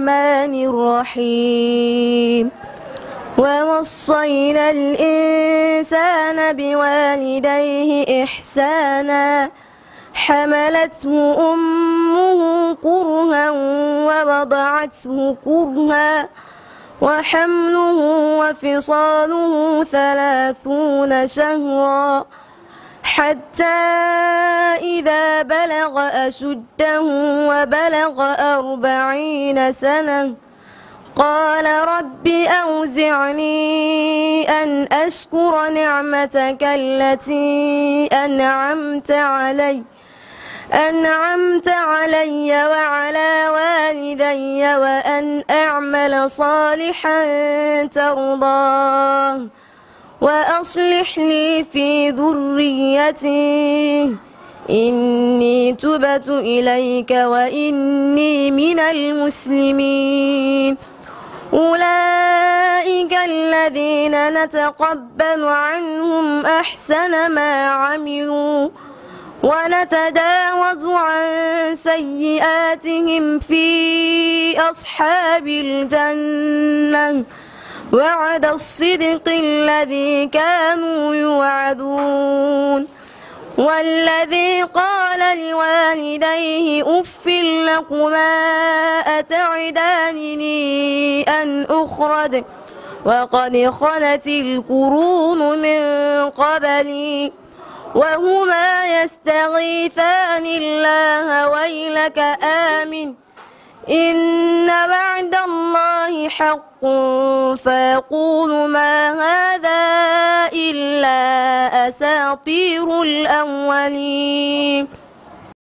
الرحمن الرحيم ووصينا الإنسان بوالديه إحسانا حملته أمه كرها ووضعته كرها وحمله وفصاله ثلاثون شهرا حتى إذا بلغ أشده وبلغ أربعين سنة قال رب أوزعني أن أشكر نعمتك التي أنعمت علي أنعمت علي وعلى والدي وأن أعمل صالحا ترضاه وأصلح لي في ذريتي إن تبت إليك وإني من المسلمين أولئك الذين نتقبل عنهم أحسن ما عملوا ونتجاوز عن سيئاتهم في أصحاب الجنة وعد الصدق الذي كانوا يوعدون والذي قال لوالديه أف لكما أتعدانني أن أخرج وقد خلت القرون من قبلي وهما يستغيثان الله ويلك آمن إن بعد الله حق فيقول ما هذا إلا أساطير الأولين